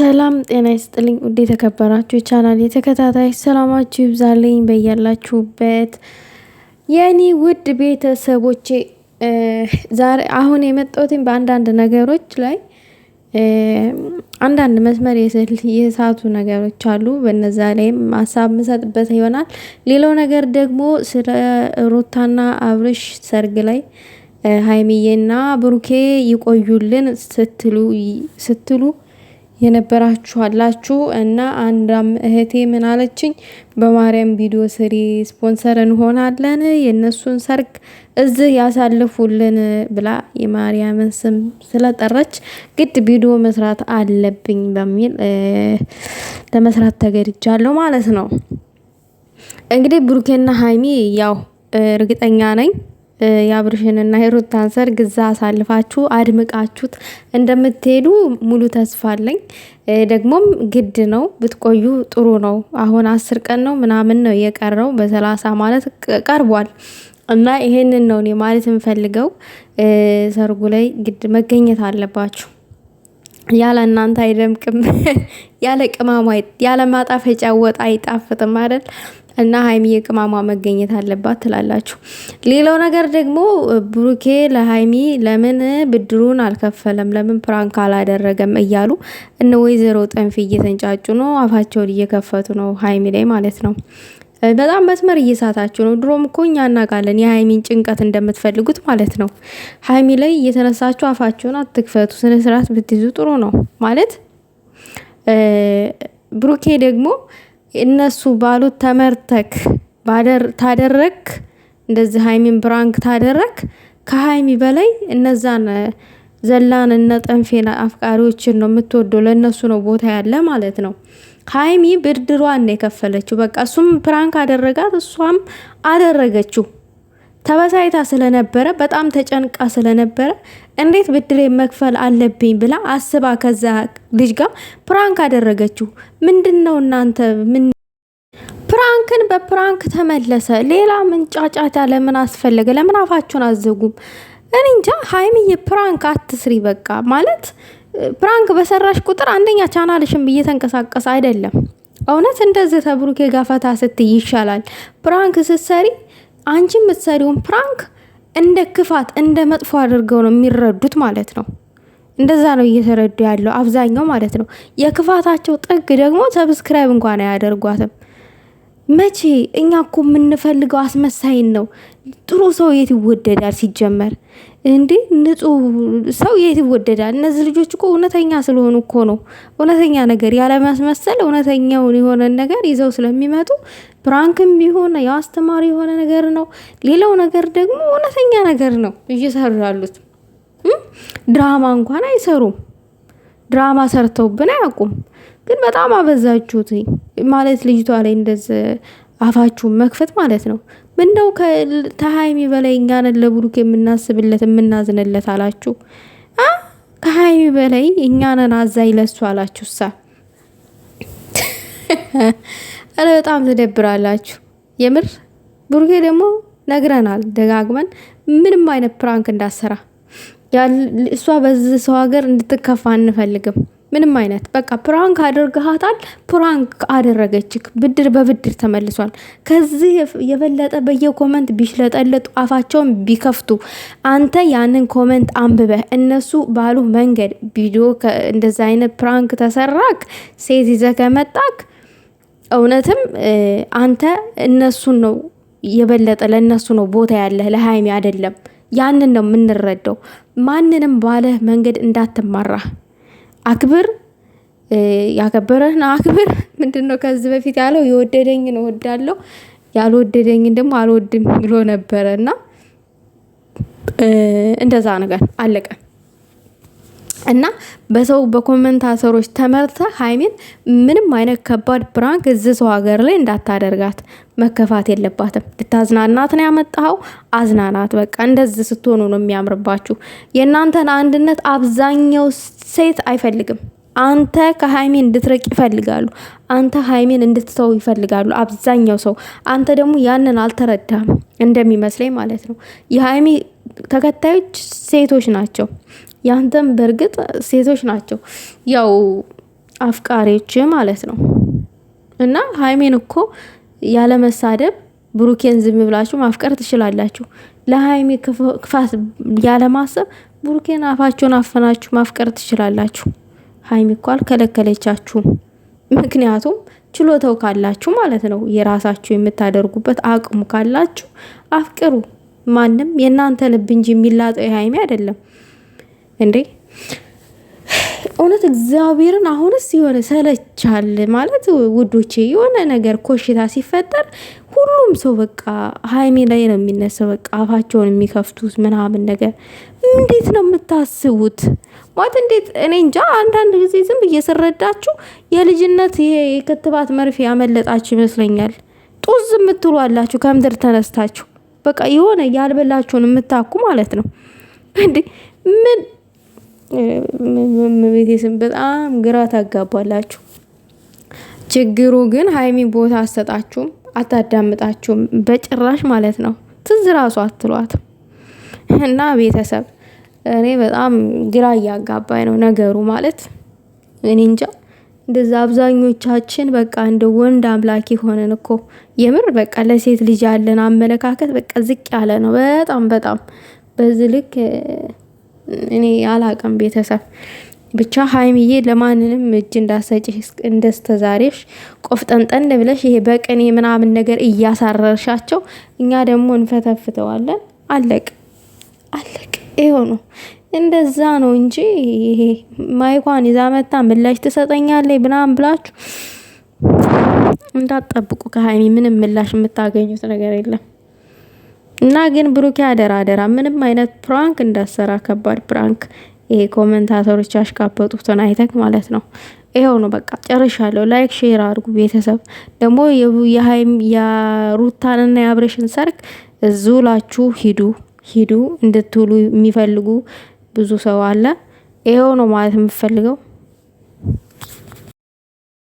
ሰላም ጤና ይስጥልኝ ውድ የተከበራችሁ ቻናል የተከታታይ ሰላማችሁ ይብዛልኝ በያላችሁበት የእኔ ውድ ቤተሰቦቼ። ዛሬ አሁን የመጣሁትን በአንዳንድ ነገሮች ላይ አንዳንድ መስመር የሳቱ ነገሮች አሉ። በነዛ ላይም ሀሳብ ምሰጥበት ይሆናል። ሌላው ነገር ደግሞ ስለ ሩታና አብርሽ ሰርግ ላይ ሀይሚዬና ብሩኬ ይቆዩልን ስትሉ የነበራችሁ አላችሁ እና አንዷም እህቴ ምን አለችኝ፣ በማርያም ቪዲዮ ስሪ ስፖንሰር እንሆናለን የእነሱን ሰርግ እዚህ ያሳልፉልን ብላ የማርያምን ስም ስለጠራች ግድ ቪዲዮ መስራት አለብኝ በሚል ለመስራት ተገድጃለሁ ማለት ነው። እንግዲህ ብሩኬና ሀይሚ ያው እርግጠኛ ነኝ የአብርሽንና የሩታን ሰርግ እዛ አሳልፋችሁ አድምቃችሁት እንደምትሄዱ ሙሉ ተስፋ አለኝ። ደግሞም ግድ ነው ብትቆዩ ጥሩ ነው። አሁን አስር ቀን ነው ምናምን ነው የቀረው በሰላሳ ማለት ቀርቧል እና ይሄንን ነው እኔ ማለት የምፈልገው። ሰርጉ ላይ ግድ መገኘት አለባችሁ። ያለ እናንተ አይደምቅም። ያለ ቅመማ ያለ ማጣፈጫ ወጥ አይጣፍጥም አይደል? እና ሀይሚዬ ቅማሟ መገኘት አለባት ትላላችሁ። ሌላው ነገር ደግሞ ብሩኬ ለሀይሚ ለምን ብድሩን አልከፈለም፣ ለምን ፕራንክ አላደረገም እያሉ እነ ወይዘሮ ጠንፌ እየተንጫጩ ነው። አፋቸውን እየከፈቱ ነው ሀይሚ ላይ ማለት ነው። በጣም መስመር እየሳታችሁ ነው። ድሮም እኮ እኛ እናውቃለን የሀይሚን ጭንቀት እንደምትፈልጉት ማለት ነው። ሀይሚ ላይ እየተነሳችሁ አፋችሁን አትክፈቱ፣ ስነስርዓት ብትይዙ ጥሩ ነው ማለት ብሩኬ ደግሞ እነሱ ባሉት ተመርተክ ታደረክ እንደዚህ ሀይሚን ብራንክ ታደረክ ከሀይሚ በላይ እነዛን ዘላን እነ ጠንፌን አፍቃሪዎችን ነው የምትወደው። ለእነሱ ነው ቦታ ያለ ማለት ነው። ሀይሚ ብድሯን ነው የከፈለችው። በቃ እሱም ፕራንክ አደረጋት፣ እሷም አደረገችው። ተበሳይታ ስለነበረ በጣም ተጨንቃ ስለነበረ እንዴት ብድሬ መክፈል አለብኝ ብላ አስባ ከዛ ልጅ ጋር ፕራንክ አደረገችው። ምንድን ነው እናንተ ምን ፕራንክን በፕራንክ ተመለሰ። ሌላ ምን ጫጫታ ለምን አስፈለገ? ለምን አፋችሁን አዘጉም? እኔ እንጃ። ሀይሚዬ ፕራንክ አትስሪ በቃ ማለት ፕራንክ በሰራሽ ቁጥር አንደኛ ቻናልሽም እየተንቀሳቀሰ አይደለም። እውነት እንደዚህ ተብሩኬ ጋፈታ ስትይ ይሻላል። ፕራንክ ስትሰሪ አንቺ የምትሰሪውን ፕራንክ እንደ ክፋት እንደ መጥፎ አድርገው ነው የሚረዱት ማለት ነው። እንደዛ ነው እየተረዱ ያለው አብዛኛው ማለት ነው። የክፋታቸው ጥግ ደግሞ ሰብስክራይብ እንኳን አያደርጓትም። መቼ እኛ እኮ የምንፈልገው አስመሳይን ነው። ጥሩ ሰው የት ይወደዳል ሲጀመር? እንዴ ንጹህ ሰው የት ይወደዳል? እነዚህ ልጆች እኮ እውነተኛ ስለሆኑ እኮ ነው እውነተኛ ነገር ያለማስመሰል እውነተኛውን የሆነን ነገር ይዘው ስለሚመጡ ፕራንክም ቢሆን ያው አስተማሪ የሆነ ነገር ነው። ሌላው ነገር ደግሞ እውነተኛ ነገር ነው እየሰሩ ያሉት። ድራማ እንኳን አይሰሩም። ድራማ ሰርተውብን አያውቁም። ግን በጣም አበዛችሁት ማለት ልጅቷ ላይ እንደዚ አፋችሁን መክፈት ማለት ነው። ምንደው ከሀይሚ በላይ እኛንን ለብሩክ የምናስብለት የምናዝንለት አላችሁ። ከሀይሚ በላይ እኛንን አዛኝ ለሱ አላችሁ ሳ ኧረ በጣም ትደብራላችሁ። የምር ቡርጌ ደግሞ ነግረናል ደጋግመን ምንም አይነት ፕራንክ እንዳሰራ እሷ በዚህ ሰው ሀገር እንድትከፋ አንፈልግም። ምንም አይነት በቃ ፕራንክ አድርግሃታል፣ ፕራንክ አደረገችክ። ብድር በብድር ተመልሷል። ከዚህ የበለጠ በየኮመንት ቢሽለጠለጡ አፋቸውን ቢከፍቱ አንተ ያንን ኮመንት አንብበህ እነሱ ባሉ መንገድ ቪዲዮ እንደዚ አይነት ፕራንክ ተሰራክ ሴት ይዘህ ከመጣክ እውነትም አንተ እነሱን ነው የበለጠ ለእነሱ ነው ቦታ ያለህ ለሀይሚ አይደለም። ያንን ነው የምንረዳው። ማንንም ባለህ መንገድ እንዳትማራ አክብር፣ ያከበረህን አክብር። ምንድን ነው ከዚህ በፊት ያለው የወደደኝን እወዳለሁ ያልወደደኝን ደግሞ አልወድም ብሎ ነበረ እና እንደዛ ነገር አለቀ። እና በሰው በኮመንታተሮች ተመርተ ሀይሚን ምንም አይነት ከባድ ብራንክ እዚህ ሰው ሀገር ላይ እንዳታደርጋት። መከፋት የለባትም። ልታዝናናት ነው ያመጣኸው፣ አዝናናት። በቃ እንደዚህ ስትሆኑ ነው የሚያምርባችሁ። የእናንተን አንድነት አብዛኛው ሴት አይፈልግም። አንተ ከሀይሜን እንድትረቅ ይፈልጋሉ። አንተ ሀይሜን እንድትተው ይፈልጋሉ አብዛኛው ሰው። አንተ ደግሞ ያንን አልተረዳም እንደሚመስለኝ ማለት ነው። የሀይሜ ተከታዮች ሴቶች ናቸው። ያንተም በእርግጥ ሴቶች ናቸው ያው አፍቃሪዎች ማለት ነው። እና ሀይሜን እኮ ያለመሳደብ ብሩኬን ዝም ብላችሁ ማፍቀር ትችላላችሁ። ለሀይሜ ክፋት ያለማሰብ ብሩኬን አፋቸውን አፈናችሁ ማፍቀር ትችላላችሁ። ሀይሜ እኮ አልከለከለቻችሁም። ምክንያቱም ችሎተው ካላችሁ ማለት ነው፣ የራሳችሁ የምታደርጉበት አቅሙ ካላችሁ አፍቅሩ። ማንም የእናንተ ልብ እንጂ የሚላጠው የሀይሜ አይደለም። እንዴ እውነት እግዚአብሔርን አሁንስ የሆነ ሰለቻል ማለት ውዶቼ፣ የሆነ ነገር ኮሽታ ሲፈጠር ሁሉም ሰው በቃ ሀይሜ ላይ ነው የሚነሳው። በቃ አፋቸውን የሚከፍቱት ምናምን ነገር እንዴት ነው የምታስቡት? ማለት እንዴት እኔ እንጃ። አንዳንድ ጊዜ ዝም እየሰረዳችሁ የልጅነት ይሄ የክትባት መርፌ ያመለጣችሁ ይመስለኛል። ጡዝ የምትሏላችሁ ከምድር ተነስታችሁ በቃ የሆነ ያልበላችሁን የምታኩ ማለት ነው እንዴ ምን እመቤቴ ስም በጣም ግራ ታጋባላችሁ። ችግሩ ግን ሀይሚ ቦታ አሰጣችሁም አታዳምጣችሁም በጭራሽ ማለት ነው። ትዝ ራሱ አትሏት እና ቤተሰብ እኔ በጣም ግራ እያጋባኝ ነው ነገሩ ማለት እኔ እንጃ። እንደዛ አብዛኞቻችን በቃ እንደ ወንድ አምላክ የሆነን እኮ የምር በቃ ለሴት ልጅ ያለን አመለካከት በቃ ዝቅ ያለ ነው። በጣም በጣም በዚህ ልክ እኔ አላቅም ቤተሰብ ብቻ ሀይሚዬ ለማንንም እጅ እንዳሰጭ እንደስተዛሬሽ ቆፍጠንጠን ብለሽ ይሄ በቅኔ ምናምን ነገር እያሳረርሻቸው እኛ ደግሞ እንፈተፍተዋለን። አለቅ አለቅ ይሆ ነው። እንደዛ ነው እንጂ ይሄ ማይኳን ይዛ መታ ምላሽ ትሰጠኛለች ብናም ብላችሁ እንዳትጠብቁ። ከሀይሚ ምንም ምላሽ የምታገኙት ነገር የለም። እና ግን ብሩኬ አደራ አደራ ምንም አይነት ፕራንክ እንዳሰራ ከባድ ፕራንክ ይሄ ኮመንታተሮች ያሽቃበጡትን አይተክ ማለት ነው። ይሄው ነው በቃ ጨርሻለሁ። ላይክ ሼር አድርጉ ቤተሰብ። ደግሞ የሀይም የሩታንና የአብሬሽን ሰርግ እዙላችሁ ሂዱ ሂዱ እንድትውሉ የሚፈልጉ ብዙ ሰው አለ። ይሄው ነው ማለት የምፈልገው።